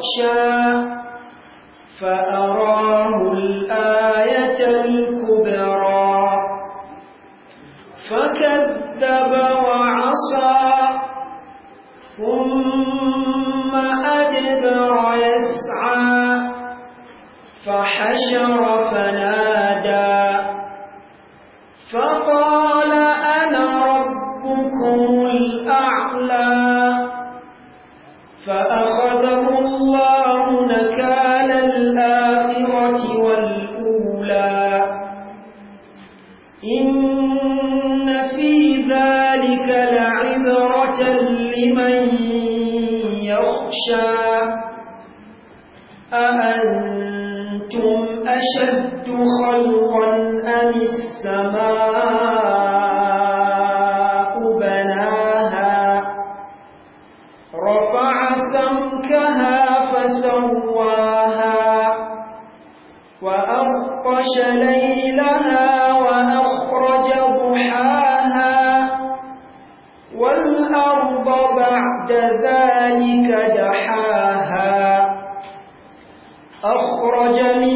culture الآخرة والأولى إن في ذلك لعبرة لمن يخشى أأنتم أشد خلقا أم السماء جميعا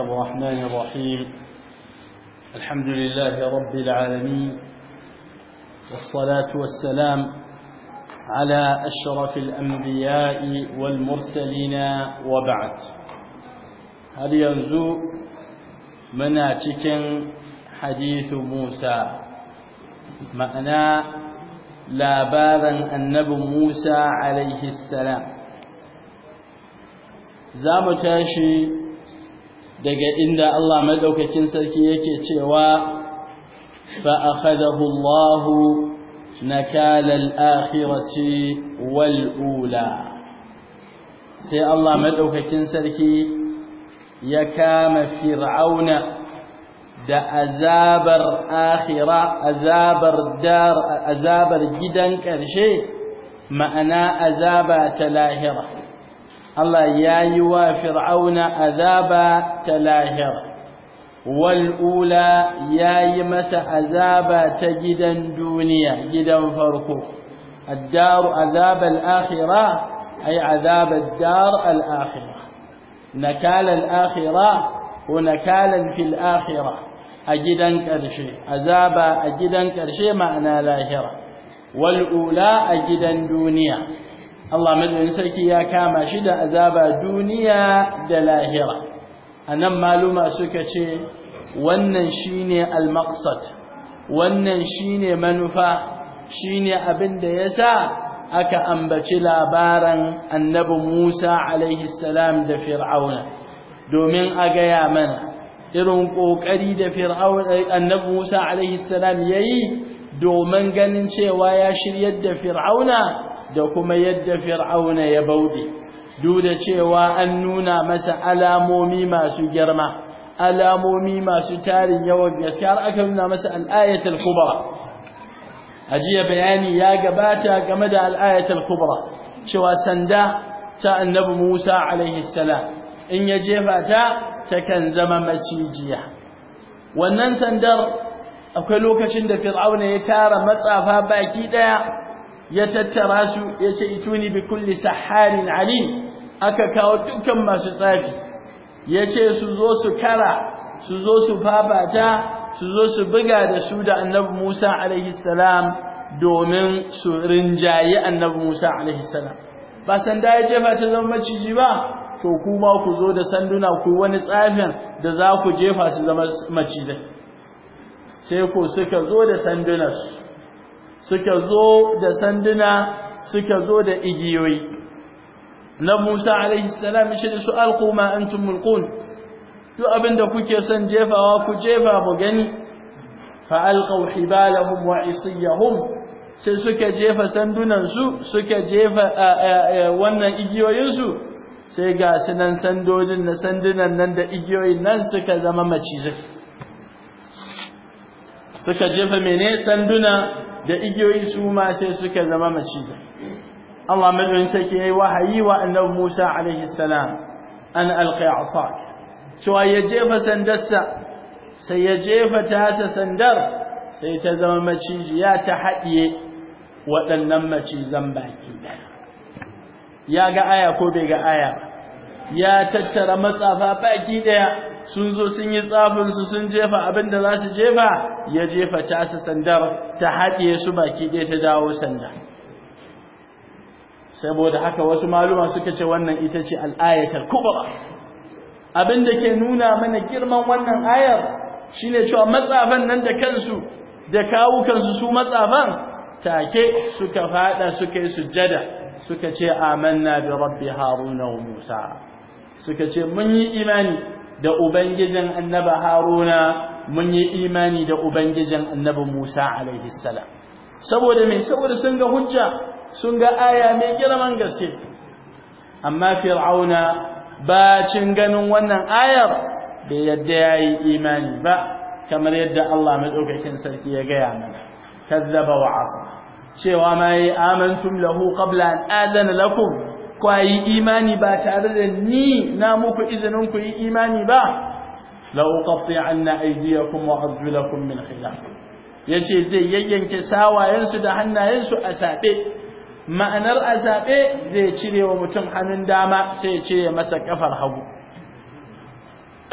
الله الرحمن الرحيم الحمد لله رب العالمين والصلاة والسلام على أشرف الأنبياء والمرسلين وبعد هل ينزو مناتك حديث موسى معنى لا annabi النب موسى عليه السلام زامتاشي daga inda Allah maɗaukakin sarki yake cewa fa akhadahu Allah nakala wal'ula. akhirati sai Allah maɗaukakin sarki ya kama fir'auna da azabar akhira azabar dar azabar gidan ƙarshe ma'ana azaba ta lahira Allah ya yi wa fir'auna azaba ta lahira wal'ula ya yi masa azaba ta gidan duniya gidan farko addaru azab al'akhira ay azab addar al'akhira nakal al'akhira ko nakalan fil akhira a gidan ƙarshe azaba a gidan ƙarshe ma'ana lahira wal'ula a gidan duniya Allah madani sarki ya kama shi da azaba duniya da lahira anan maluma suka ce wannan shine al-maqsad wannan shine manufa shine abin da yasa aka ambaci labaran annabi Musa alaihi salam da fir'auna domin a gaya mana irin kokari da fir'auna annabi Musa alaihi salam yayi domin ganin cewa ya shiryar da fir'auna da kuma yadda fir'auna ya bauɗe duk da cewa an nuna masa alamomi masu girma alamomi masu tarin yawan gaske har aka nuna masa al'ayatul kubra ajiya bayani ya gabata game da al'ayatul kubra cewa sanda ta annabi Musa alaihi salam in ya jefa ta takan zama macijiya wannan sandar akwai lokacin da fir'auna ya tara matsafa baki daya ya tattara su yace ituni bi kulli saharin alim aka kawo dukkan masu tsafi yace su zo su kara su zo su fafata su zo su buga da su da annabi Musa alaihi salam domin su rinjaye annabi Musa alaihi salam ba san da ya jefa ta zama maciji ba to kuma ku zo da sanduna ku wani tsafin da za ku jefa su zama macizai sai ko suka zo da sandunan suka zo da sanduna suka zo da igiyoyi na Musa alaihi salam shi da su alqu ma antum mulqun duk abinda kuke son jefawa ku jefa mu gani fa alqaw hibalahum wa isiyahum sai suka jefa sandunan su suka jefa wannan igiyoyin su sai ga sunan sandodin na sandunan nan da igiyoyin nan suka zama macizai suka jefa mene sanduna da igiyoyi su ma sai suka zama macizai Allah madaukakin sarki yayi wahayi wa annabi Musa alaihi salam an alqi asak cewa ya jefa sandarsa sai ya jefa ta sandar sai ta zama Ya ta haɗiye waɗannan macizan baki ya ga aya ko bai ga aya ya tattara matsafa baki daya. sun zo sun yi tsafin su sun jefa abin da za su jefa ya jefa ta su sandar ta haɗiye su baki ɗaya ta dawo sanda saboda haka wasu maluma suka ce wannan ita ce al'ayatar kubra abin da ke nuna mana girman wannan ayar shi ne cewa matsafan nan da kansu da kawukansu su matsafan take suka faɗa suka yi sujjada suka ce amanna bi rabbi haruna musa suka ce mun yi imani da ubangijin annaba haruna mun yi imani da ubangijin annaba musa alaihi salam saboda me saboda sun ga hujja sun ga aya mai girman gaske amma fir'auna ba cin ganin wannan ayar bai yadda yayi imani ba kamar yadda Allah madaukakin sarki ya gaya mana kazzaba wa asa cewa ma yi amantum lahu qabla an adana lakum kwayi imani ba tare da ni na muku izinin ku yi imani ba la uqatti anna aydiyakum wa arjulakum min khilaf yace zai yayyanke sawayensu da hannayensu a sabe ma'anar a sabe zai cire wa mutum hannun dama sai ya cire masa kafar hagu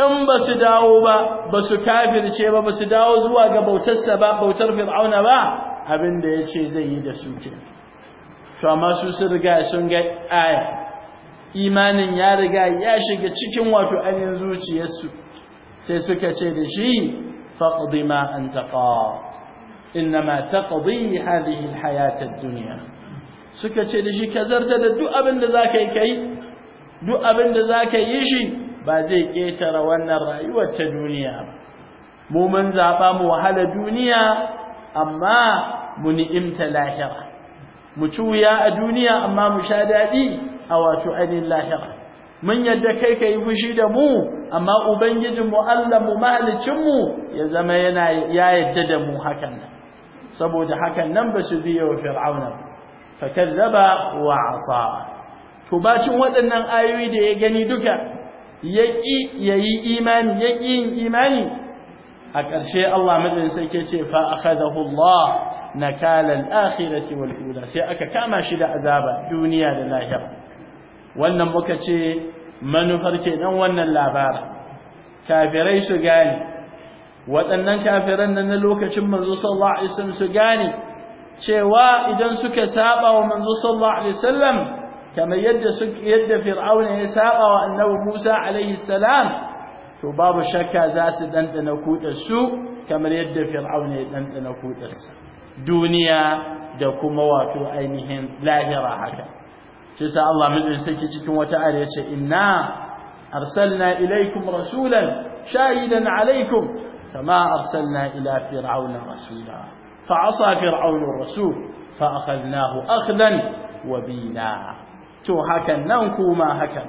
in ba su dawo ba ba su kafirce ba ba su dawo zuwa ga bautarsa ba bautar fir'auna ba abin da yace zai yi da su kenan to amma su sun riga sun ga aya imanin ya riga ya shiga cikin wato ainihin zuciyarsu sai suka ce da shi faqdi ma anta qa inma taqdi hadhihi alhayat ad-dunya suka ce da shi ka zarta da duk abin da zaka yi kai duk abin da zaka yi shi ba zai ketara wannan rayuwar ta duniya ba mu mun zaba mu wahala duniya amma mu ni'imta lahira mu ci wuya a duniya amma mu sha daɗi a wato ainihin lahira mun yadda kai ka yi fushi da mu amma ubangijinmu allahnmu mu ya zama yana ya yadda da mu hakan nan saboda hakan nan ba su biya wa fir'auna fa kazzaba wa asa to bacin waɗannan ayoyi da ya gani duka yaki yayi imani yin imani a ƙarshe Allah madin sai ke ce fa akhadahu Allah nakala al-akhirati wal ula sai aka kama shi da azaba duniya da lahira wannan muka ce manufar kenan wannan labarin kafirai su gane waɗannan kafiran nan na lokacin manzo sallallahu alaihi wasallam su gane cewa idan suka saba wa manzo sallallahu alaihi wasallam kamar yadda yadda fir'auna ya saba wa annabi Musa alaihi salam to babu shakka za su dandana su kamar yadda fir'auna ya dandana kudarsa duniya da kuma wato ainihin lahira haka shi sa Allah mun saki cikin wata ayar yace inna arsalna ilaykum rasulan shahidan alaykum kama arsalna ila fir'auna rasula fa asa fir'auna rasul fa akhadnahu akhdan wabila to hakan nan kuma hakan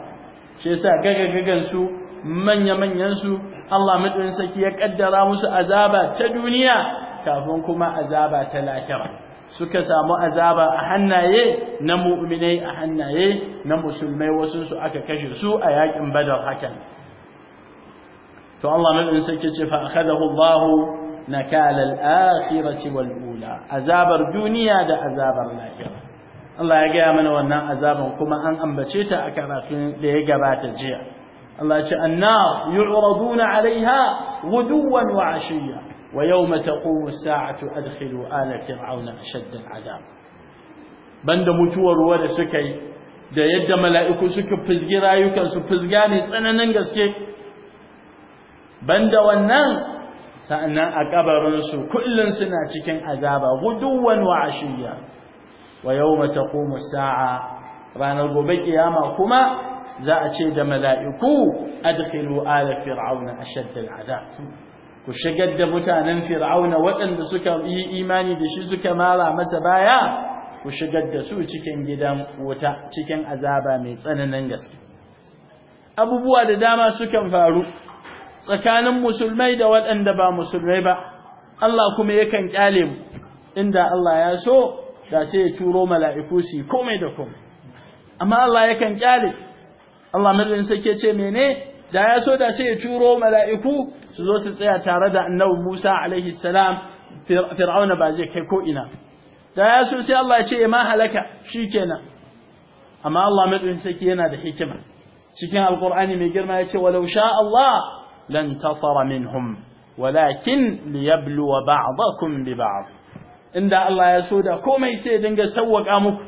shi sa gaga gagan su manya manyansu su Allah madaukakin ya ƙaddara musu azaba ta duniya kafin kuma azaba ta lahira suka samu azaba a hannaye na mu'minai a hannaye na musulmai wasu su aka kashe su a yaƙin badar hakan to Allah madaukakin ce fa akhadahu Allah nakala al-akhirati wal ula azabar duniya da azabar lahira Allah ya gaya mana wannan azaban kuma an ambace ta a karatun da ya gabata jiya Allah ce annar yu'raduna 'alayha ghuduwan wa 'ashiyya wa yawma taqumu as-sa'atu adkhilu ala fir'auna ashadda al-'adab banda mutuwar ruwa da suka yi da yadda mala'iku suka fizgi rayukan su fizga ne tsananin gaske banda wannan sa'annan a kabarin su kullun suna cikin azaba ghuduwan wa 'ashiyya wa yawma taqumu as-sa'a ranar gobe kiyama kuma za a ce da mala'iku adkhilu ala fir'auna ashadd al'adab ku shigar da mutanen fir'auna waɗanda suka yi imani da shi suka mara masa baya ku shigar da su cikin gidan wuta cikin azaba mai tsananin gaske abubuwa da dama sukan faru tsakanin musulmai da waɗanda ba musulmai ba Allah kuma yakan kyale mu inda Allah ya so da sai ya turo mala'iku su komai da komai amma Allah yakan kyale Allah madalin sake ce mene da ya so da sai ya turo mala'iku su zo su tsaya tare da annabi Musa alaihi salam fir'auna ba zai kai ko ina da ya so sai Allah ya ce eh, ma halaka shikenan amma Allah madalin sake yana da hikima cikin alqur'ani mai girma ya ce walau sha Allah lan tasara minhum walakin liyabluwa ba'dakum bi ba'd inda Allah ya so da komai sai dinga sawwaka muku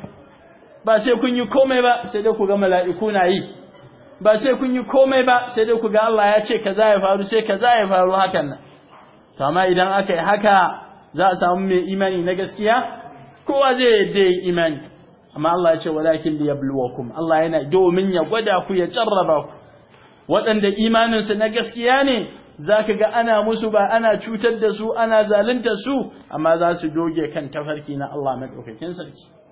ba sai kun yi komai ba sai dai ku ga mala'iku na yi ba sai kun yi komai ba sai dai ku ga Allah ya ce kaza ya faru sai kaza ya faru hakan nan to amma idan aka yi haka za a samu mai imani na gaskiya kowa zai yadda yi imani amma Allah ya ce walakin yabluwakum Allah yana domin ya gwada ku ya jarraba ku waɗanda su na gaskiya ne zaka ga ana musu ba ana cutar da su ana zalunta su amma za su doge kan tafarki na Allah madaukakin sarki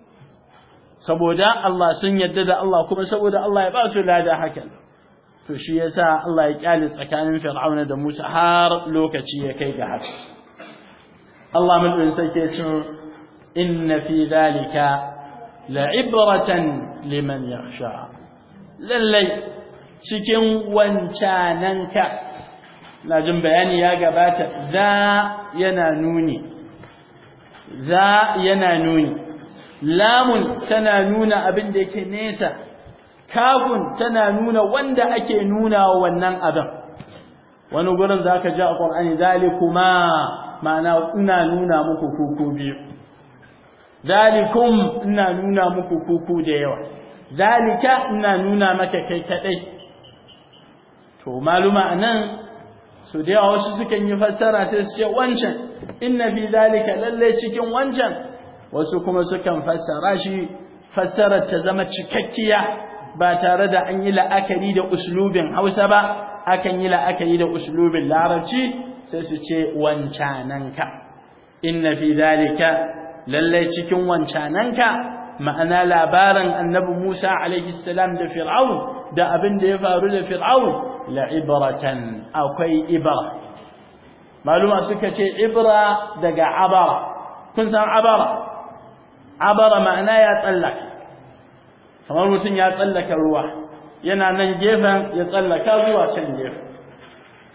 saboda Allah sun yadda da Allah kuma saboda Allah ya ba su lada hakan to shi yasa Allah ya kyale tsakanin Fir'auna da Musa har lokaci ya kai ga haka Allah mulkin sake cin inna fi zalika la'ibratan liman yakhsha lallai cikin wancananka na jin bayani ya gabata za yana nuni za yana nuni lamun tana nuna abin da yake nesa kafun tana nuna wanda ake nuna wannan abin wani gurin zaka ji a Qur'ani zalikuma ma'ana ina nuna muku kuku biyu zalikum ina nuna muku kuku da yawa zalika ina nuna maka kai kadai to maluma anan su da yawa wasu sukan yi fassara sai su ce wancan inna bi zalika lalle cikin wancan wasu kuma sukan fassara shi fassarar ta zama cikakkiya ba tare da an yi la'akari da uslubin Hausa ba akan yi la'akari da uslubin Larabci sai su ce wancananka inna fi dalika lallai cikin wancananka ma'ana labaran annabi Musa alaihi salam da Fir'aun da abin da ya faru da Fir'aun ibratan akwai ibra maluma suka ce ibra daga abara kun san abara abara ma'ana ya tsallaka kamar mutum ya tsallaka ruwa yana nan gefen ya tsallaka zuwa can gefen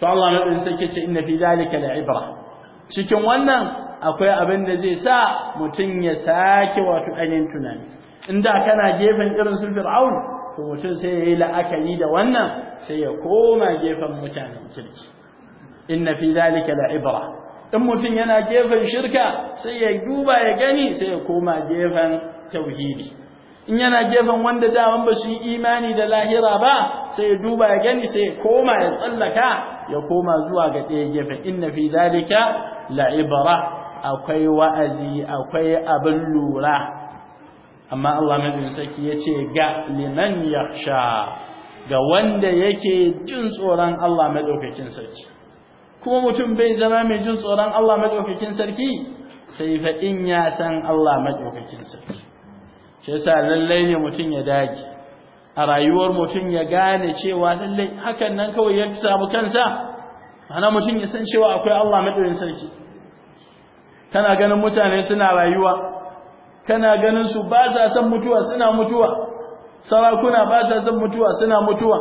to Allah na ɗin sai ce inna fi dalika la'ibra cikin wannan akwai abin da zai sa mutum ya sake wato ainihin tunani da kana gefen irin su fir'aun to mutum sai ya yi la'akari da wannan sai ya koma gefen mutanen kirki inna fi dalika la'ibra in mutum yana gefen shirka sai ya duba ya gani sai ya koma gefen tauhidi in yana gefen wanda daman ba yi imani da lahira ba sai ya duba ya gani sai ya koma ya tsallaka ya koma zuwa ga ɗaya gefen inna fi zalika ibra akwai wa'azi akwai abin lura amma Allah madin saki yace ga liman yakhsha ga wanda yake jin tsoron Allah madaukakin sarki kuma mutum bai zama mai jin tsoron Allah madaukakin sarki sai fa in ya san Allah madaukakin sarki shi yasa lallai ne mutum ya dage a rayuwar mutum ya gane cewa lallai hakan nan kawai ya samu kansa ana mutum ya san cewa akwai Allah madaukakin sarki kana ganin mutane suna rayuwa kana ganin su ba sa san mutuwa suna mutuwa sarakuna ba sa san mutuwa suna mutuwa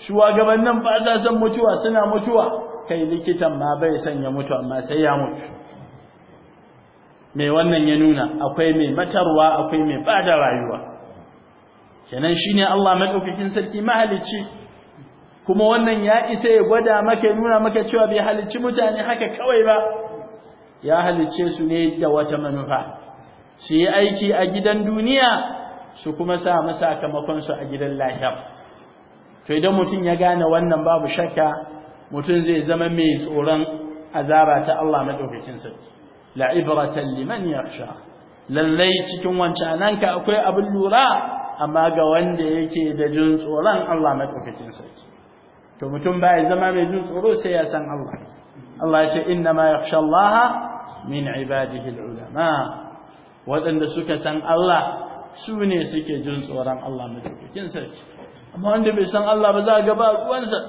shugabannin ba sa san mutuwa suna mutuwa kai likitan ma bai son ya mutu amma sai ya mutu me wannan ya nuna akwai mai matarwa akwai mai bada rayuwa kenan shine Allah madaukakin sarki mahalicci kuma wannan ya isa ya gwada maka ya nuna maka cewa bai halicci mutane haka kawai ba ya halicce su ne da wata manufa su yi aiki a gidan duniya su kuma sa masakamakon su a gidan lahira to idan mutum ya gane wannan babu shakka mutum zai zama mai tsoron azaba ta Allah madaukakin sarki la ibratan liman yakhsha lallai cikin wancanan ka akwai abin lura amma ga wanda yake da jin tsoron Allah madaukakin sarki to mutum bai zama mai jin tsoro sai ya san Allah Allah ya ce inna ma yakhsha Allah min ibadihi ulama Wadanda suka san Allah su ne suke jin tsoron Allah madaukakin sarki amma wanda bai san Allah ba za ga ba ruwansa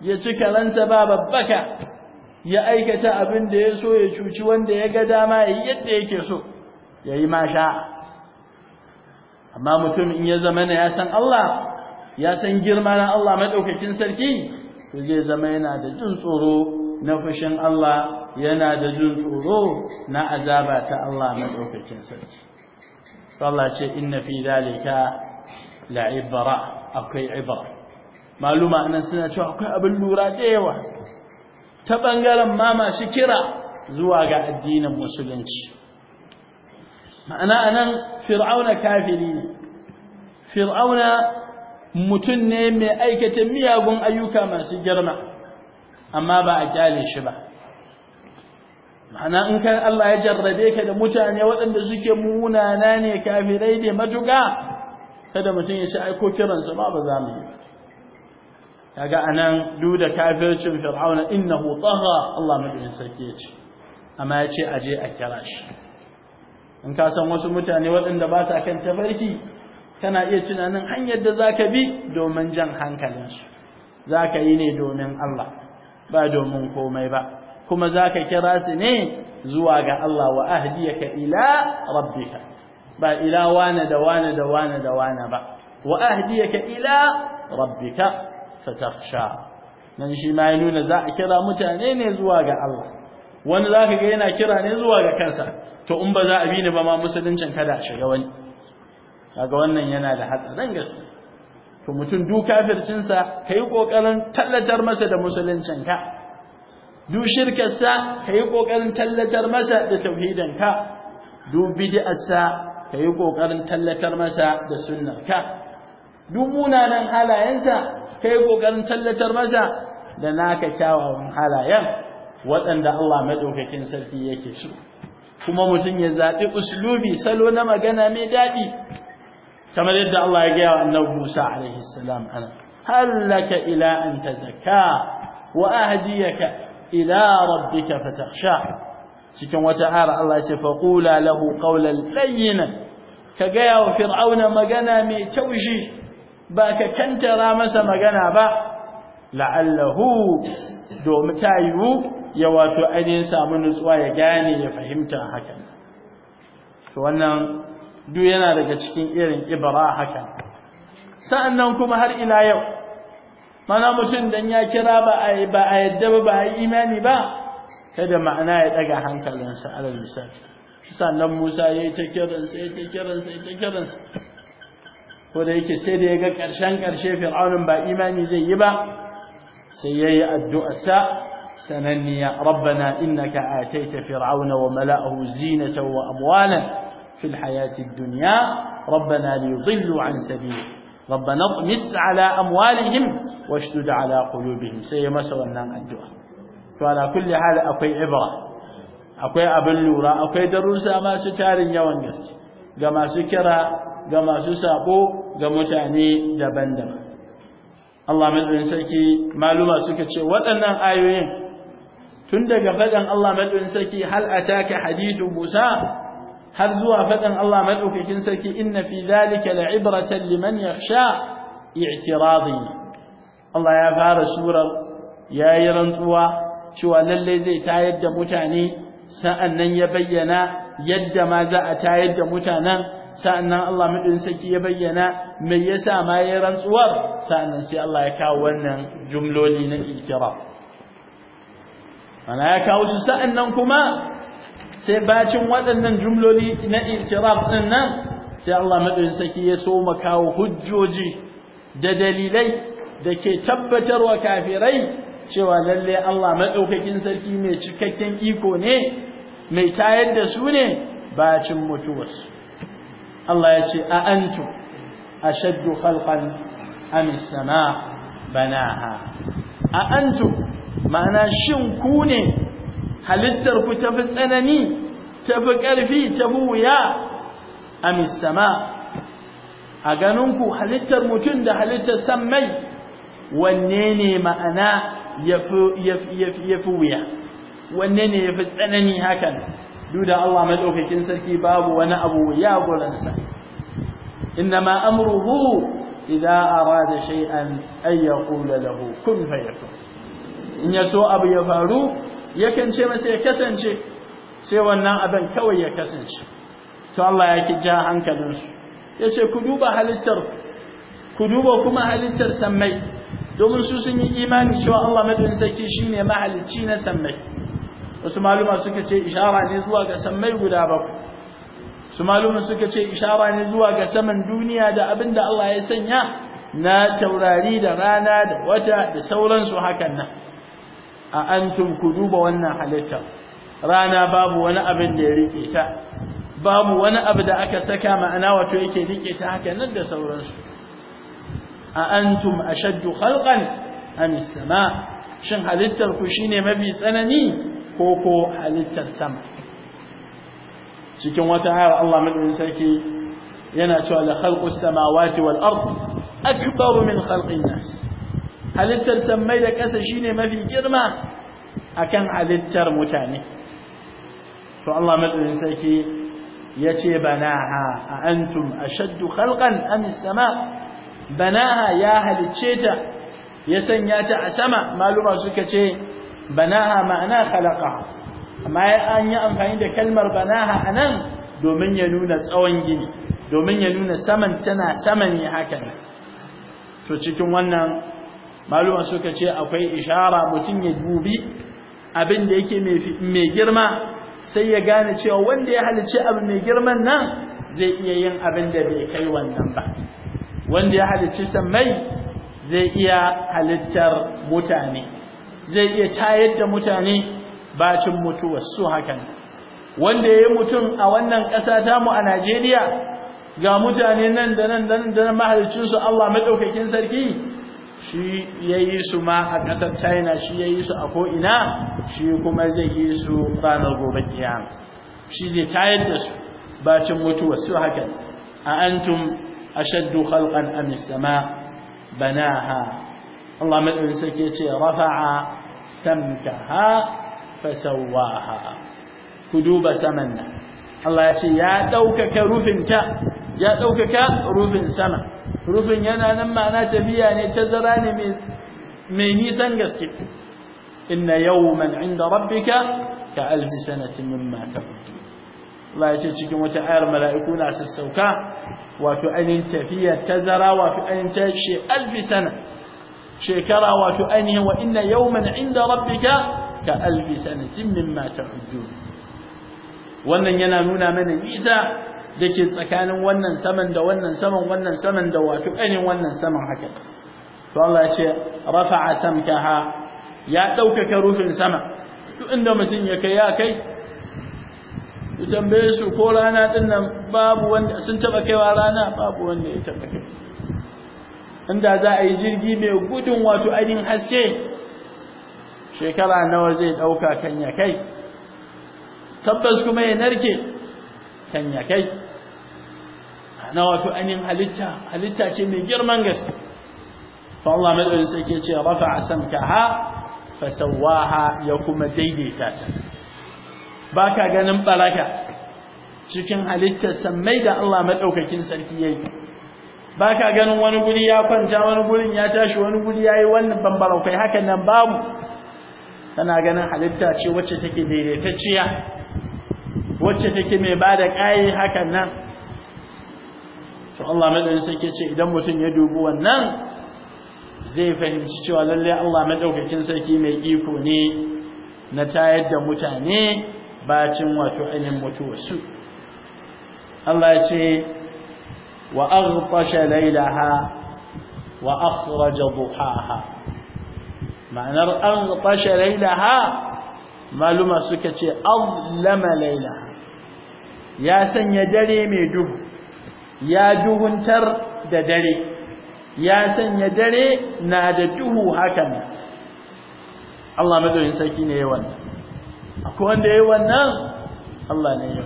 ya ci kalansa ba babbaka ya aikata abin da ya so ya cuci wanda ya ga dama ya yi yadda yake so ya yi masha amma mutum in ya zama na ya san Allah ya san girma na Allah maɗaukakin sarki to zai zama yana da jin tsoro na fushin Allah yana da jin tsoro na azaba ta Allah maɗaukakin sarki Allah ce inna fi dalika la ibra akwai ibra maluma anan suna cewa akwai abin lura da yawa ta bangaren ma masu kira zuwa ga addinin musulunci ma'ana anan fir'auna kafiri fir'auna mutum ne mai aikata miyagun ayyuka masu girma amma ba a kyale shi ba ma'ana in kan Allah ya jarrabe ka da mutane waɗanda suke munana ne kafirai ne matuƙa kada mutum ya ci aiko kiransu ma ba za mu yi ba kaga anan duk da kafircin fir'auna innahu tagha Allah madin sarki ya ce amma ya ce aje a kira shi in ka san wasu mutane waɗanda ba sa kan tafarki kana iya tunanin hanyar da zaka bi domin jan hankalinsu zaka yi ne domin Allah ba domin komai ba kuma zaka kira su ne zuwa ga Allah wa ahdiyaka ila rabbika ba ila wana da wana da wana da wana ba wa ahdiyaka ila rabbika fatakhsha nan shi ma ya nuna za a kira mutane ne zuwa ga Allah wani zaka ga yana kira ne zuwa ga kansa to in ba za a bi ni ba ma musuluncin kada a shiga wani kaga wannan yana da hatsarin gaske to mutum duk kafircin sa kai kokarin tallatar masa da musuluncin ka duk shirkar sa kai kokarin tallatar masa da tauhidin ka duk bid'ar sa kai kokarin tallatar masa da sunnar ka duk munanan halayensa kai kokarin tallatar masa da naka kyawawan halayen waɗanda Allah madaukakin sarki yake so kuma mutum ya zaɓi uslubi salo na magana mai daɗi kamar yadda Allah ya gaya wa annabi Musa alaihi salam ana hallaka ila an tazakka wa ahdiyaka ila rabbika fatakhsha cikin wata ayar Allah ce faqula lahu qawlan layyinan ka gaya wa fir'auna magana mai taushi ba ka kantara masa magana ba la'allahu domin ta yiwu ya wato ainihin samu nutsuwa ya gane ya fahimta hakan to wannan duk yana daga cikin irin ibara hakan sa'annan kuma har ila yau mana mutum dan ya kira ba a ba a yadda ba ba a imani ba kada ma'ana ya daga hankalinsa alal misali sannan Musa yayi ta kiransa yayi ta kiransa yayi ta kiransa ko da yake sai da ya ga ƙarshen ƙarshe fir'aunin ba imani zai yi ba sai ya yi addu'arsa sananniya rabbana innaka ataita fir'auna wa mala'ahu zinatan wa amwalan fil hayati dunya rabbana liyudillu an sabili rabbana tmis ala amwalihim washdud ala qulubihim sai ya masa wannan addu'a to ala kulli hal akwai ibra akwai abin lura akwai darussa masu tarin yawan gaske ga masu kira ga masu sabo ga mutane daban-daban Allah madadin sarki maluma suka ce waɗannan ayoyin tun daga faɗin Allah madadin sarki hal ataka hadithu Musa har zuwa faɗin Allah madaukakin sarki inna fi dhalika la'ibratan liman yakhsha i'tiradi Allah ya fara surar yayi rantsuwa cewa lalle zai tayar da mutane sa'annan ya bayyana yadda ma za a tayar da mutanen sa'annan Allah madin saki ya bayyana me yasa ma ya rantsuwar sa'annan sai Allah ya kawo wannan jumloli na ikira ana ya kawo su sa'annan kuma sai bacin waɗannan jumloli na ikiraf din nan sai Allah madin saki ya so kawo hujjoji da dalilai da ke tabbatarwa kafirai cewa lalle Allah madaukakin sarki mai cikakken iko ne mai tayar da su ne bacin mutuwarsu Allah ya ce a antu ashaddu khalqan am as a antu ma'ana shin ku ne halittar ku tafi tsanani tafi ƙarfi fi wuya am a ganinku halittar mutum da halittar sammai wanne ne ma'ana ya fi wuya wanne ne yafi tsanani hakan duk da Allah madaukakin sarki babu wani abu ya gulansa innama amruhu idza arada shay'an ay yaqula lahu kun fayakun in yaso abu ya faru yakan ce masa ya kasance sai wannan abin kawai ya kasance to Allah ya ki ja hankalinsu yace ku duba halittar ku duba kuma halittar sammai domin su sun yi imani cewa Allah madaukakin sarki shine mahalicci na sammai wasu maluma suka ce ishara ne zuwa ga sammai guda bakwai su maluma suka ce ishara ne zuwa ga saman duniya da abin da Allah ya sanya na taurari da rana da wata da sauransu hakan nan a antum ku duba wannan halittar. rana babu wani abin da ya rike ta babu wani abu da aka saka ma'ana wato yake rike ta hakan nan da sauransu a antum ashaddu khalqan am as-sama shin halittar ku shine mafi tsanani ko ko halittar sama cikin wata hayar Allah madaukakin sarki yana cewa la khalqus samawati wal ard akbar min khalqin nas halittar samai da ƙasa shine mafi girma akan halittar mutane to Allah madaukakin sarki yace banaha a antum ashaddu khalqan am as-sama banaha ya halicce ta ya sanya ta a sama maluma suka ce banaha ma'ana khalaqa amma an yi amfani da kalmar banaha anan domin ya nuna tsawon gini domin ya nuna saman tana sama ne hakan to cikin wannan maluma suka ce akwai ishara mutum ya dubi abin da yake mai girma sai ya gane cewa wanda ya halice abu mai girman nan zai iya yin abin da bai kai wannan ba wanda ya halice mai, zai iya halittar mutane zai iya tayar da mutane bacin mutuwa su hakan wanda yayi mutum a wannan ƙasa ta mu a Najeriya ga mutane nan da nan da nan da mahalicin su Allah madaukakin sarki shi yayi su ma a ƙasar China shi yayi su a ko'ina, shi kuma zai yi su ranar gobe kiyama shi zai tayar da su bacin mutuwa su hakan a antum ashaddu khalqan amis sama banaha Allah madaukakin sarki ya ce rafa'a samkaha fasawaha ku duba saman nan Allah ya ce ya daukaka ya daukaka rufin sama rufin yana nan ma'ana tafiya ne tazara ne mai mai nisan gaske inna yawman 'inda rabbika ka alf sanatin mimma ta'udun Allah ya ce cikin wata ayar mala'iku na sassauka wato ainin tafiya tazara wato ainin tashi alf sana shekara wato ainihin wa inna yawman inda rabbika ka alfi sanatin mimma ta'udun wannan yana nuna mana nisa dake tsakanin wannan saman da wannan saman wannan saman da wato ainihin wannan saman haka to Allah ya ce rafa'a samkaha ya daukaka rufin sama duk inda mutum ya kai ya kai tambaye su ko rana din nan babu wanda sun taba kaiwa rana babu wanda ya taba kai inda za a yi jirgi mai gudun wato ainihin haske shekara nawa zai ɗauka kan ya kai tabbas kuma ya narke kan ya kai na wato ainihin halitta halitta ce mai girman gaske fa Allah madaukakin sai ke ce rafa'a samkaha fasawaha ya kuma daidaita ta baka ganin baraka cikin halittar sammai da Allah madaukakin sarki yayi baka ganin wani guri ya kwanta wani gurin ya tashi wani guri yayi yi wannan bambara kai hakan nan babu kana ganin halitta ce wacce take daidaitacciya wacce take mai bada kai hakan nan to Allah madaukakin sarki ce idan mutum ya dubi wannan zai fahimci cewa lalle Allah madaukakin sarki mai iko ne na tayar da mutane bacin wato ainihin mutuwarsu Allah ya ce وأغطش ليلها وأخرج ضحاها معنى أغطش ليلها معلومة سكتي أظلم ليلها يا سن يدري ميدوه يا دوهن تر ددري يا سن يدري نادته هكذا Allah madaurin sarki ne yayi wannan akwai wanda yayi wannan Allah ne yayi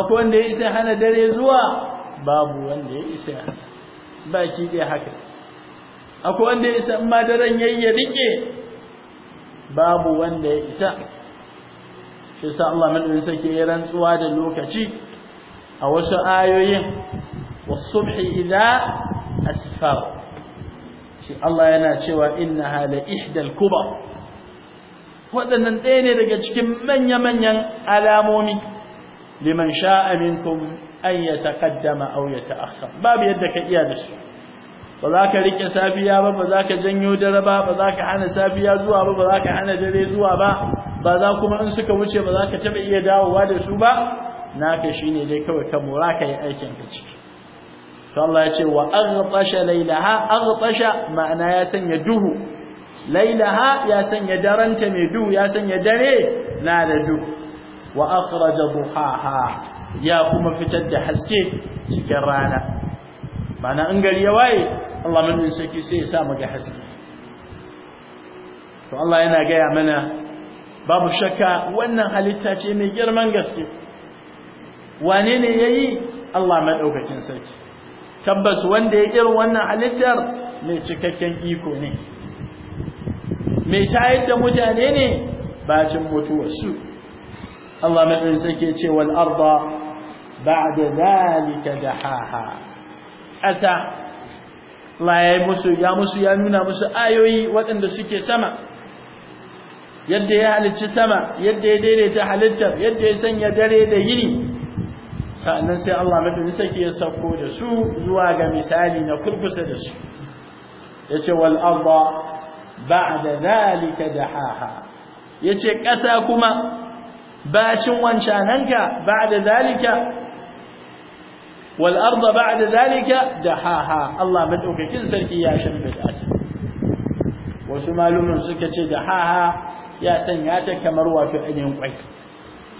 akwai wanda yayi sai hana dare zuwa babu wanda ya isa baki dai haka akwai wanda ya isa in ma daren yayi ya rike babu wanda ya isa shi sa Allah ya rantsuwa da lokaci a wasu ayoyin was idza asfar shi Allah yana cewa inna hala ihdal kubra waɗannan ɗaya ne daga cikin manya-manyan alamomi liman sha'a minkum an ya taƙaddama aw ya ta'akhkhar babu yadda ka iya da su ba za ka rike safiya ba ba za ka janyo dare ba ba za ka hana safiya zuwa ba ba za ka hana dare zuwa ba ba za kuma in suka wuce ba za ka taba iya dawowa da su ba naka shine dai kawai ka mura ka yi aikin ka ciki to Allah ya ce wa aghtasha laylaha aghtasha ma'ana ya sanya duhu lailaha ya sanya daranta mai duhu ya sanya dare na da duhu wa akhraja duhaha ya kuma fitar da haske cikin rana mana in gari ya waye Allah mun saki sai ya sa mu ga haske to Allah yana gaya mana babu shakka wannan halitta ce mai girman gaske wane ne yayi Allah madaukakin sarki tabbas wanda ya irin wannan halittar mai cikakken iko ne mai shayar da mutane ne bacin su. Allah mai sake ce wal arda ba'da zalika dahaha asa la ya musu ya musu ya nuna musu ayoyi waɗanda suke sama yadda ya halicci sama yadda ya daidaita halittar yadda ya sanya dare da yini sannan sai Allah madani sake ya sako da su zuwa ga misali na kurkusa da su yace wal arda ba'da zalika dahaha yace ƙasa kuma bacin wancananka ba'da zalika wal arda ba'da zalika dahaha Allah madaukakin sarki ya shimfida ta wasu malumin suka ce dahaha ya sanya ta kamar wato ainihin kwai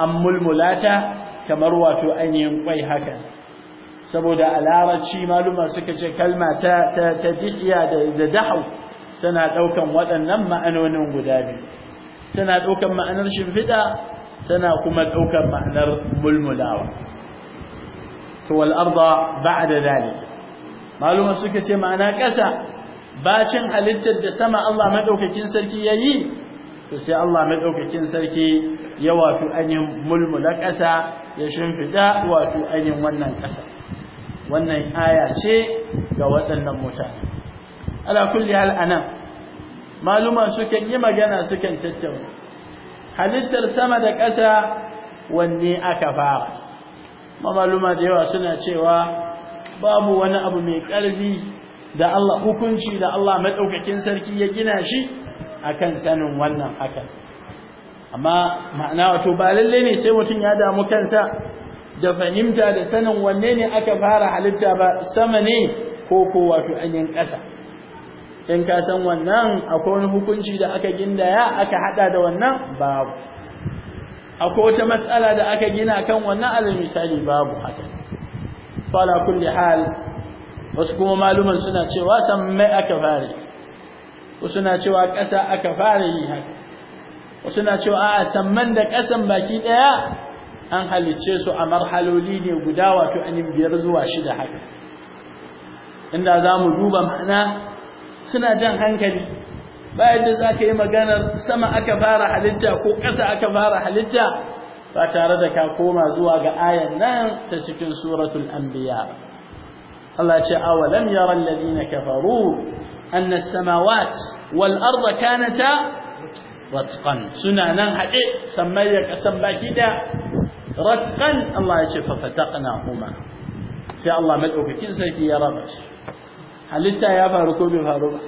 an mulmulata kamar wato ainihin kwai hakan saboda a larabci maluma suka ce kalma ta ta ta da dahau tana ɗaukan waɗannan ma'anonin guda biyu tana daukan ma'anar shimfiɗa tana kuma ɗaukar ma'anar mulmulawa to wal arda ba'da dalik maluma suka ce ma'ana kasa bacin halittar da sama Allah madaukakin sarki yayi to sai Allah madaukakin sarki ya wato anyin mulmula ƙasa, ya shimfida wato anyin wannan wannan aya ce ga waɗannan mutane ala kulli hal anan maluma sukan yi magana sukan tattauna halittar sama da ƙasa wanne aka fara mamaluma da yawa suna cewa babu wani abu mai ƙarfi da Allah hukunci da Allah maɗaukakin sarki ya gina shi akan sanin wannan haka amma ma'ana wato ba lallai ne sai mutum ya damu kansa da fahimta da sanin wanne ne aka fara halitta ba sama ne ko ko wato anyan ƙasa in ka san wannan akwai wani hukunci da aka gindaya aka hada da wannan babu akwai wata matsala da aka gina kan wannan alal misali babu haka fala kulli hal wasu kuma maluman suna cewa san mai aka fare ko suna cewa ƙasa aka fare yi haka wasu suna cewa a samman da ƙasan baki ɗaya an halicce su a marhaloli ne guda wato anin biyar zuwa shida haka inda za mu duba ma'ana suna jan hankali bayan da za ka yi maganar sama aka fara halitta ko ƙasa aka fara halitta ba tare da ka koma zuwa ga ayan nan ta cikin suratul anbiya Allah ce awalam yara alladhina kafaru anna as-samawati wal arda kanata ratqan suna nan haɗe sammai ya kasan baki da ratqan Allah ya ce fa fataqna huma sai Allah madaukakin sarki ya raba shi halitta ya faru ko bai faru ba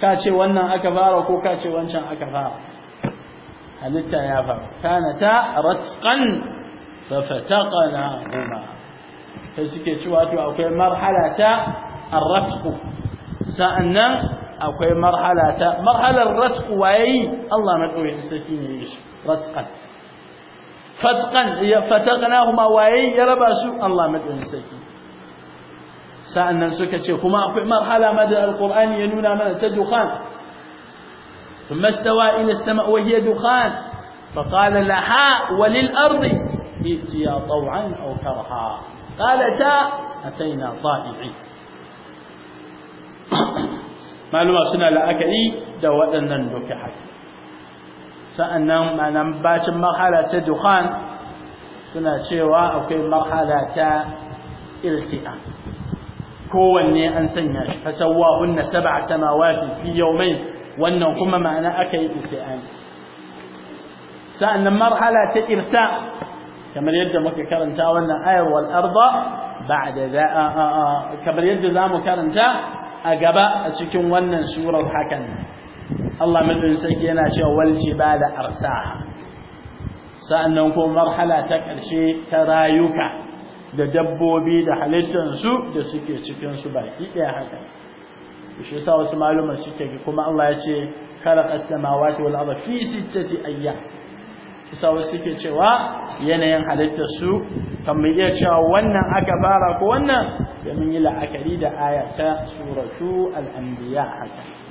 ka ce wannan aka fara ko ka ce wancan aka fara halitta ya faru kana ta ratqan fa fataqana huma sai suke cewa to akwai marhala ta arratqu sa'annan akwai marhala ta marhalar ratqu waye Allah na madaukakin saki ne shi ratqan fatqan ya fataqna huma waye ya raba su Allah madaukakin saki. sa'annan suka ce kuma akwai marhala ma da alqur'ani ya nuna mana ta dukhan thumma stawa ila as-sama' wa hiya dukhan fa qala laha wa lil ardi itiya taw'an aw karha qalata ataina ta'i'i maluma suna la'akari da waɗannan duka haka sa'annan manan bacin marhala ta dukhan suna cewa akwai marhala ta irti'a kowanne an sanya shi fasawwa hunna sab'a samawati fi yawmayn wannan kuma ma'ana aka yi isti'an sa'annan marhala ta irsa kamar yadda muka karanta wannan ayar wal arda ba'da kamar yadda zamu karanta a gaba a cikin wannan surar hakan Allah madin sake yana cewa wal jibala arsa sa'annan kuma marhala ta karshe ta rayuka da dabbobi da halittar su da suke cikin cikinsu baki ɗaya haka shi yasa wasu maluma suke kuma Allah ya ce khalaqas samawati wal arda fi sittati ayyam yasa wasu suke cewa yanayin halittar su kan mu iya cewa wannan aka fara ko wannan sai mun yi la'akari da ayata suratu al-anbiya haka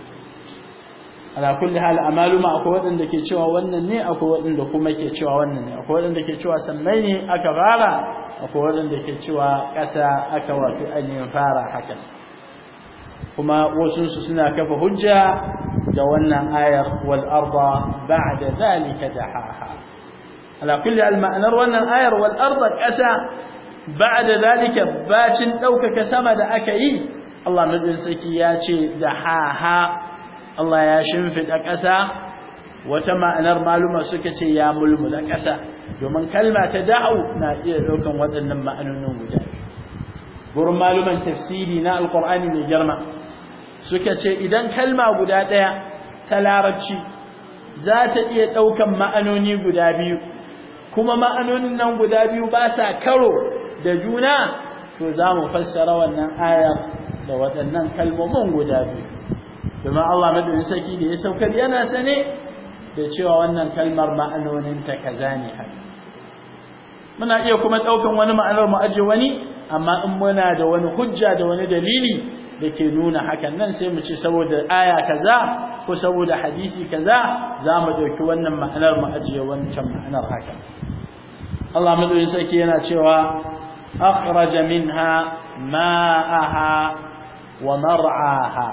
ala kulli hal amaluma akwai waɗanda ke cewa wannan ne akwai waɗanda kuma ke cewa wannan ne akwai waɗanda ke cewa sammai ne aka fara akwai waɗanda ke cewa ƙasa aka wato ainihin fara hakan kuma wasu suna kafa hujja da wannan ayar wal arda ba'da zalika dahaha ala kulli al ma'anar wannan ayar wal arda ƙasa ba'da zalika bacin ɗaukaka sama da aka yi Allah madin saki ya ce dahaha Allah ya shimfiɗa ƙasa wata ma'anar maluma suka ce ya mulmula ƙasa domin kalma ta da'u na iya ɗaukan waɗannan ma'anonin guda gurin maluman tafsiri na alƙur'ani mai girma suka ce idan kalma guda ɗaya ta larabci za ta iya ɗaukan ma'anoni guda biyu kuma ma'anonin nan guda biyu ba sa karo da juna to za mu fassara wannan ayar da waɗannan kalmomin guda biyu domin Allah madadin sarki da ya saukar yana sane da cewa wannan kalmar ma'anoninta kaza ne haka muna iya kuma ɗaukan wani ma'anar mu aje wani amma in muna da wani hujja da wani dalili da ke nuna hakan nan sai mu ce saboda aya kaza ko saboda hadisi kaza za mu ɗauki wannan ma'anar mu aje wancan ma'anar haka Allah madadin sarki yana cewa أخرج منها ماءها ومرعاها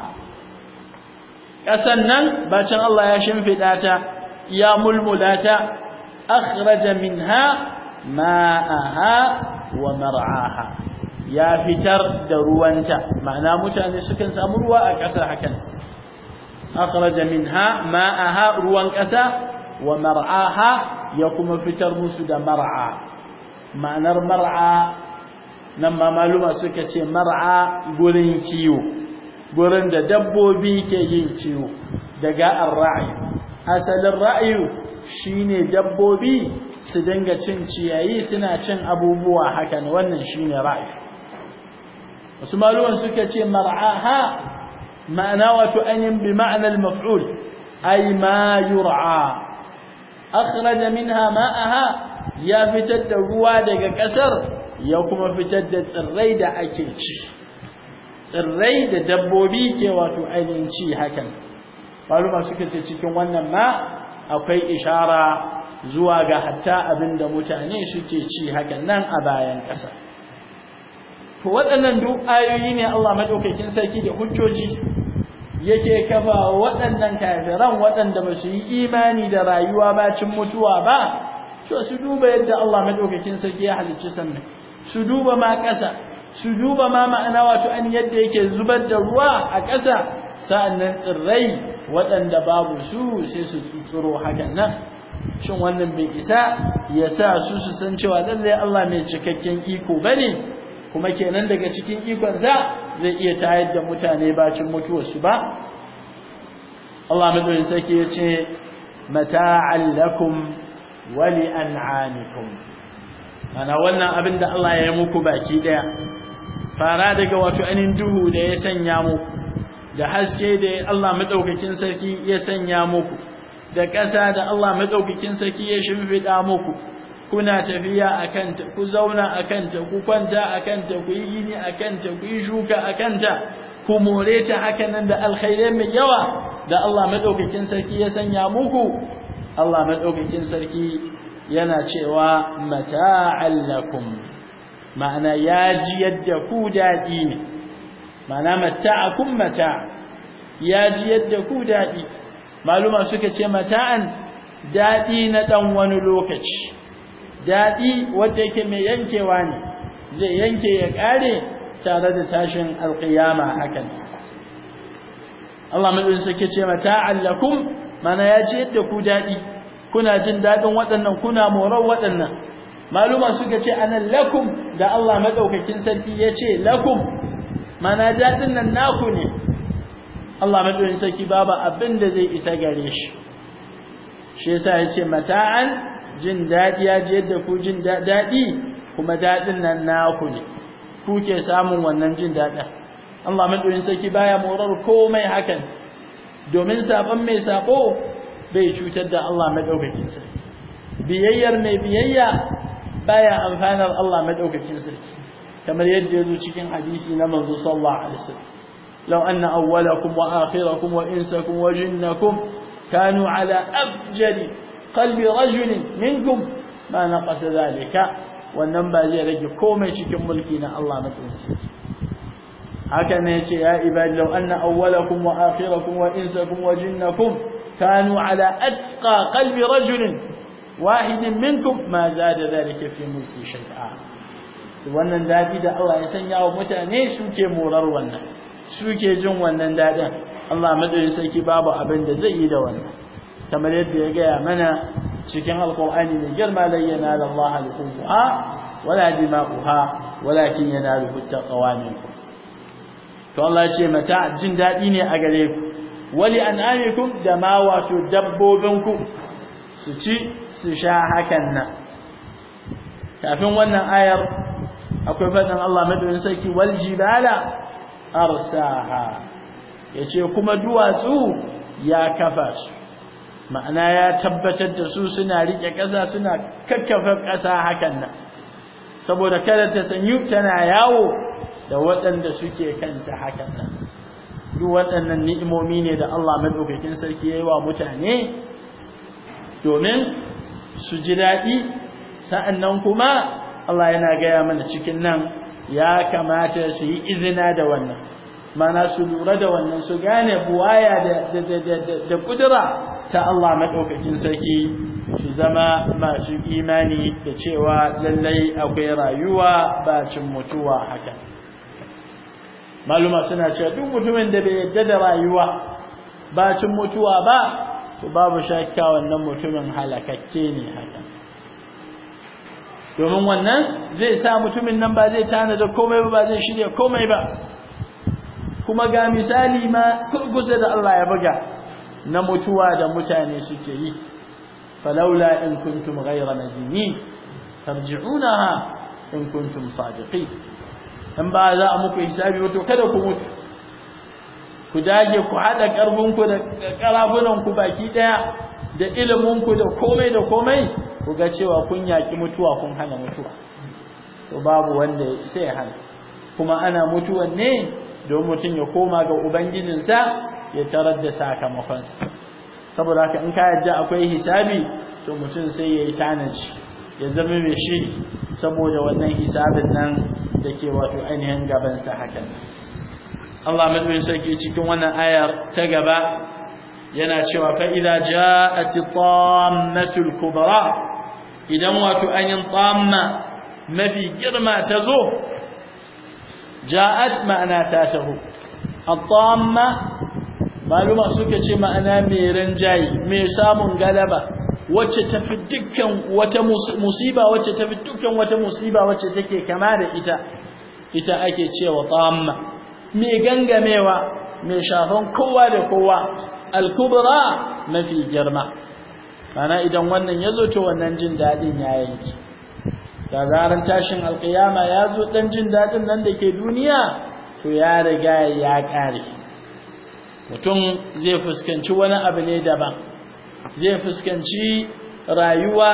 ƙasan nan bacin Allah ya shimfiɗa ta ya mulmula ta akhraja minha ma'aha wa mar'aha ya fitar da ruwanta ma'ana mutane sukan samu ruwa a ƙasar hakan akhraja minha ma'aha ruwan ƙasa wa mar'aha ya kuma fitar musu da mar'a ma'anar mar'a nan ma maluma suka ce mar'a gurin kiwo gurin da dabbobi ke yin ciwo daga ar-ra'yu asalin ra'ayi shine dabbobi su dinga cin ciyayi suna cin abubuwa hakan wannan shine ra'ayi. wasu maluman suka ce mar'aha ma'ana wato anin bi ma'ana al-maf'ul ay ma yur'a akhraja minha ma'aha ya fitar da ruwa daga kasar ya kuma fitar da tsirrai da ake ci tsirrai da dabbobi ke wato ainihin ci hakan maluma suka ce cikin wannan ma akwai ishara zuwa ga hatta abin da mutane suke ci hakan nan a bayan ƙasa to waɗannan duk ayoyi ne Allah madaukakin sarki da hujjoji yake kafa waɗannan kafiran waɗanda ba su yi imani da rayuwa ba cin mutuwa ba to su duba yadda Allah madaukakin sarki ya halicci sannan su duba ma ƙasa su duba ma ma'ana wato an yadda yake zubar da ruwa a ƙasa sa'annan tsirrai waɗanda babu su sai su tsuro hakan nan shin wannan bai isa ya sa su su san cewa lallai Allah mai cikakken iko bane kuma kenan daga cikin ikon sa zai iya tayar da mutane bacin su ba Allah madaukakin sarki ya ce mata'al lakum wa li'an'amikum ana wannan abin da Allah ya yi muku baki daya fara daga wato anin duhu da ya sanya muku da haske da Allah madaukakin sarki ya sanya muku da ƙasa da Allah madaukakin sarki ya shimfida muku kuna tafiya akan ta ku zauna akan ta ku kwanta akan ta ku yi gini akan ta ku yi shuka akan ta ku more ta haka nan da alkhairai mai yawa da Allah madaukakin sarki ya sanya muku Allah madaukakin sarki yana cewa mata'allakum ma'ana ya ji yadda ku daɗi ne ma'ana mata'akum mata ya ji yadda ku daɗi maluma suka ce mata'an daɗi na ɗan wani lokaci daɗi wanda yake mai yankewa ne zai yanke ya ƙare tare da tashin alƙiyama hakan Allah mai suka ce mata'an lakum Ma'ana ya ji yadda ku daɗi kuna jin daɗin waɗannan kuna morar waɗannan maluma suka ce anan lakum da Allah madaukakin sarki ya ce lakum mana dadin nan naku ne Allah madaukakin sarki babu abin da zai isa gare shi shi yasa ya ce mata'an jin dadi ya je da ku jin dadi kuma dadin nan naku ne ku ke samun wannan jin dadin Allah madaukakin sarki baya morar komai hakan domin sabon mai sabo bai cutar da Allah madaukakin sarki biyayyar mai biyayya baya amfanar Allah madaukakin sarki kamar yadda yazo cikin hadisi na manzo sallallahu alaihi wasallam law anna awwalakum wa akhirakum wa insakum wa jinnakum kanu ala afjali qalbi rajulin minkum ma naqasa zalika wannan ba zai rage komai cikin mulki na Allah madaukakin sarki haka ne yace ya ibadi law anna awwalakum wa akhirakum wa insakum wa jinnakum kanu ala atqa qalbi rajulin واحد منكم ma زاد ذلك fi mulki shay'a wannan dadi da Allah ya sanya wa mutane suke morar wannan suke jin wannan dadin Allah madari sarki babu abin da zai yi da wannan kamar yadda ya gaya mana cikin alqur'ani mai girma layyana lillahi al-qur'a wala dimaquha walakin yanalu taqwa minkum to Allah ya ce mata jin dadi ne a gare ku wali an'amikum da ma wato dabbobinku su ci su sha hakan nan kafin wannan ayar akwai faɗin Allah madawin sarki wal jibala arsaha yace kuma duwatsu ya kafa su ma'ana ya tabbatar da su suna rike ƙasa suna kakkafa ƙasa hakan nan saboda kada ta sanyu tana yawo da waɗanda suke kanta hakan nan duk waɗannan ni'imomi ne da Allah madaukakin sarki yayi wa mutane domin su ji daɗi sa'an nan kuma Allah yana gaya mana cikin nan ya kamata su yi izina da wannan mana su lura da wannan su gane buwaya da kudura ta Allah maɗaukakin sarki su zama masu imani da cewa lallai akwai rayuwa ba cin mutuwa haka maluma suna cewa duk mutumin da bai yadda da rayuwa ba cin mutuwa ba to babu shakka wannan mutumin halakakke ne haka domin wannan zai sa mutumin nan ba zai tana da komai ba zai shirya komai ba kuma ga misali ma kurkusa da Allah ya buga na mutuwa da mutane suke yi falaula in kuntum ghayra nazimin tarji'unaha in kuntum sadiqin in ba za a muku hisabi wato kada ku mutu ku dage ku haɗa ƙarfinku da ƙarafunanku baki ɗaya da iliminku da komai da komai ku ga cewa kun yaƙi mutuwa kun hana mutuwa to babu wanda sai hana kuma ana mutuwan ne don mutum ya koma ga ubangijinsa ya tarar da sakamakonsa saboda haka in ka yadda akwai hisabi to mutum sai ya yi tanaji ya zama mai shi saboda wannan hisabin nan da ke wato ainihin gabansa hakan Allah madawin sarki cikin wannan ayar ta gaba yana cewa fa idza ja'at tammatul kubra idan wato ayin tamma mafi girma ta zo ja'at ma'ana ta taho at-tamma maluma suka ce ma'ana mai ranjayi mai samun galaba wacce fi dukkan wata musiba wacce fi dukkan wata musiba wacce take kama da ita ita ake cewa tamma mai gangamewa mai shafan kowa da kowa al-kubra mafi girma mana idan wannan yazo to wannan jin dadin ya yanki da zaran tashin alkiyama zo dan jin dadin nan dake duniya to ya riga ya kare mutum zai fuskanci wani abu ne daban zai fuskanci rayuwa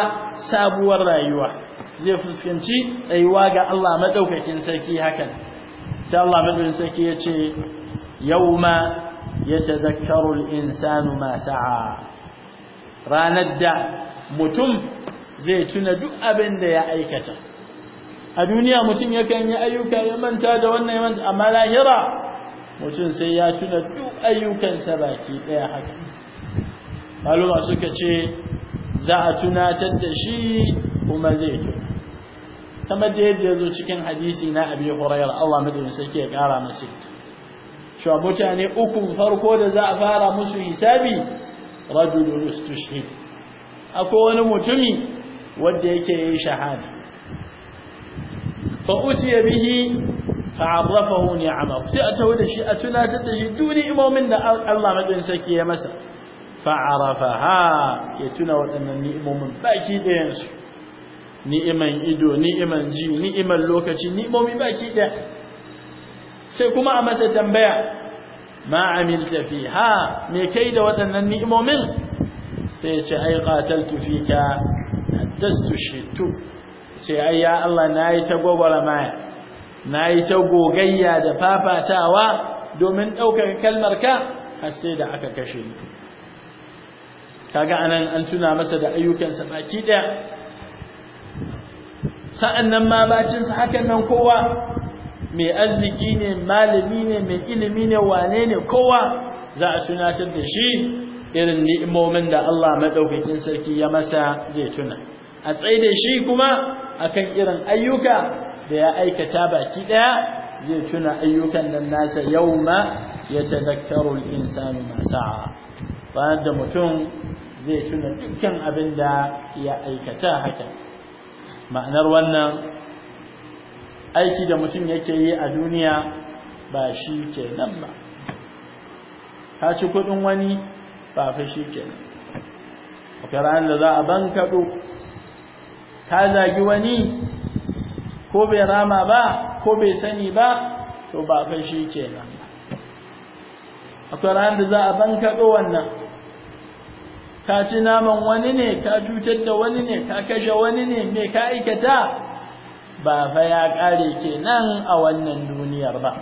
sabuwar rayuwa zai fuskanci tsayuwa ga Allah madaukakin sarki hakan sai Allah madaukakin sarki ya ce yauma yatazakkaru al-insanu masu sa'a ranar da mutum zai tuna duk abin da ya aikata a duniya mutum yakan yi ayyuka ya manta da wannan ya manta amma lahira mutum sai ya tuna duk ayyukansa baki daya haka maluma suka ce za a tunatar da shi kuma zai tuna kamar da yadda zo cikin hadisi na Abi Hurairah Allah madaukakin sarki ya kara masa cewa mutane uku farko da za a fara musu hisabi rajulun istushhid akwai wani mutumi wanda yake yi shahada fa utiya bihi fa'arrafahu ni'amahu sai a tawo da shi a tunatar da shi duni imomin da Allah madaukakin sarki ya masa fa'arafaha ya tuna waɗannan ni'imomin baki ɗayansu ni'iman ido ni'iman ji ni'iman lokaci ni'imomi baki da sai kuma a masa tambaya ma amilta fiha me kai da waɗannan ni'imomin sai ya ce ai qataltu fika shitu sai ai ya Allah nayi ta gogora maya nayi ta gogayya da fafatawa domin ɗaukar kalmar ka har sai da aka kashe ni kaga anan an tuna masa da ayyukansa baki ɗaya sa'annan ma bacinsa hakan nan kowa mai arziki ne malami ne mai ilimi ne wane ne kowa za a tunatar da shi irin ni'imomin da Allah maɗaukakin sarki ya masa zai tuna a da shi kuma akan irin ayyuka da ya aikata baki ɗaya zai tuna ayyukan nan nasa ma ya al-insanu ma sa'a fa da mutum zai tuna dukkan abin da ya aikata haka ma'anar wannan aiki da mutum yake yi a duniya ba shi ke nan ba ka ci kudin wani ba fi shi ke nan akwai ranar da za a ban kaɗo ka zagi wani ko bai rama ba ko bai sani ba to ba fi shi ke nan akwai ranar da za a ban kaɗo wannan ka ci naman wani ne ka cutar da wani ne ka kashe wani ne me ka aikata ba fa ya kare nan a wannan duniyar ba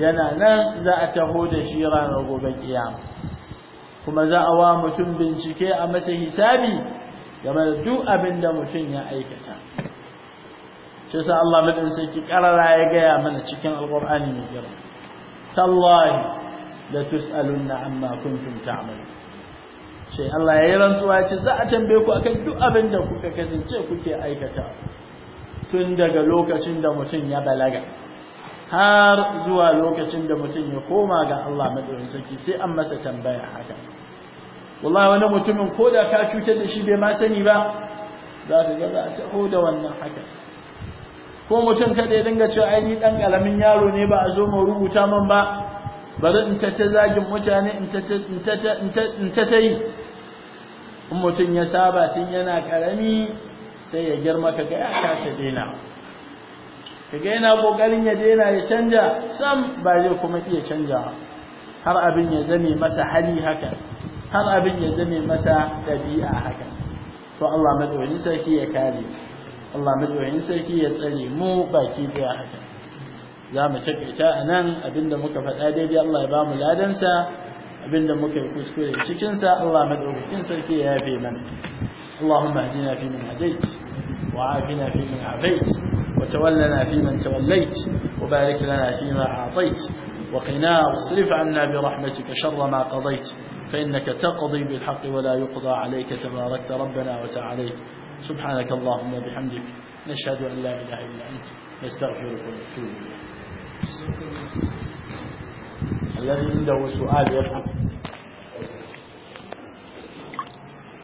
yana nan za a taho da shi ranar gobe kiyama kuma za a wa mutum bincike a masa hisabi game da duk abin da mutum ya aikata shi sa Allah sai ki karara ya gaya mana cikin alqur'ani mai girma tallahi la tus'alunna amma kuntum ta'malun sai Allah ya yi rantsuwa ce za a tambaye ku akan duk abin da kuka kasance kuke aikata tun daga lokacin da mutum ya balaga har zuwa lokacin da mutum ya koma ga Allah maɗaurin sarki sai an masa tambaya haka wallahi wani mutumin ko da ka cutar da shi bai ma sani ba za ka ga za a taho da wannan haka ko mutum kada ya dinga cewa ai ni ƙaramin yaro ne ba a zo mu rubuta man ba bari in ta ta zagin mutane in ta ta yi in mutum ya saba tun yana karami sai ya girma kaga ya kasa daina kaga yana kokarin ya daina ya canja sam ba zai kuma iya canja har abin ya zame masa hali haka har abin ya zame masa dabi'a haka to Allah madawin sarki ya kare Allah madawin sarki ya tsare mu baki daya haka za mu takaita a nan abinda muka faɗa daidai Allah ya ba mu ladansa abinda muka yi kuskure cikin sa Allah madaukakin sarki ya yafe mana Allahumma hadina fi man hadait wa afina fi man afait wa tawallana fi man tawallait wa barik lana fi ma atait wa qina wasrif anna bi rahmatika sharra ma qadait فإنك تقضي بالحق ولا يقضى عليك تباركت ربنا وتعاليت سبحانك اللهم وبحمدك نشهد أن لا إله إلا أنت نستغفرك ونتوب إليك الذي عنده سؤال يفهم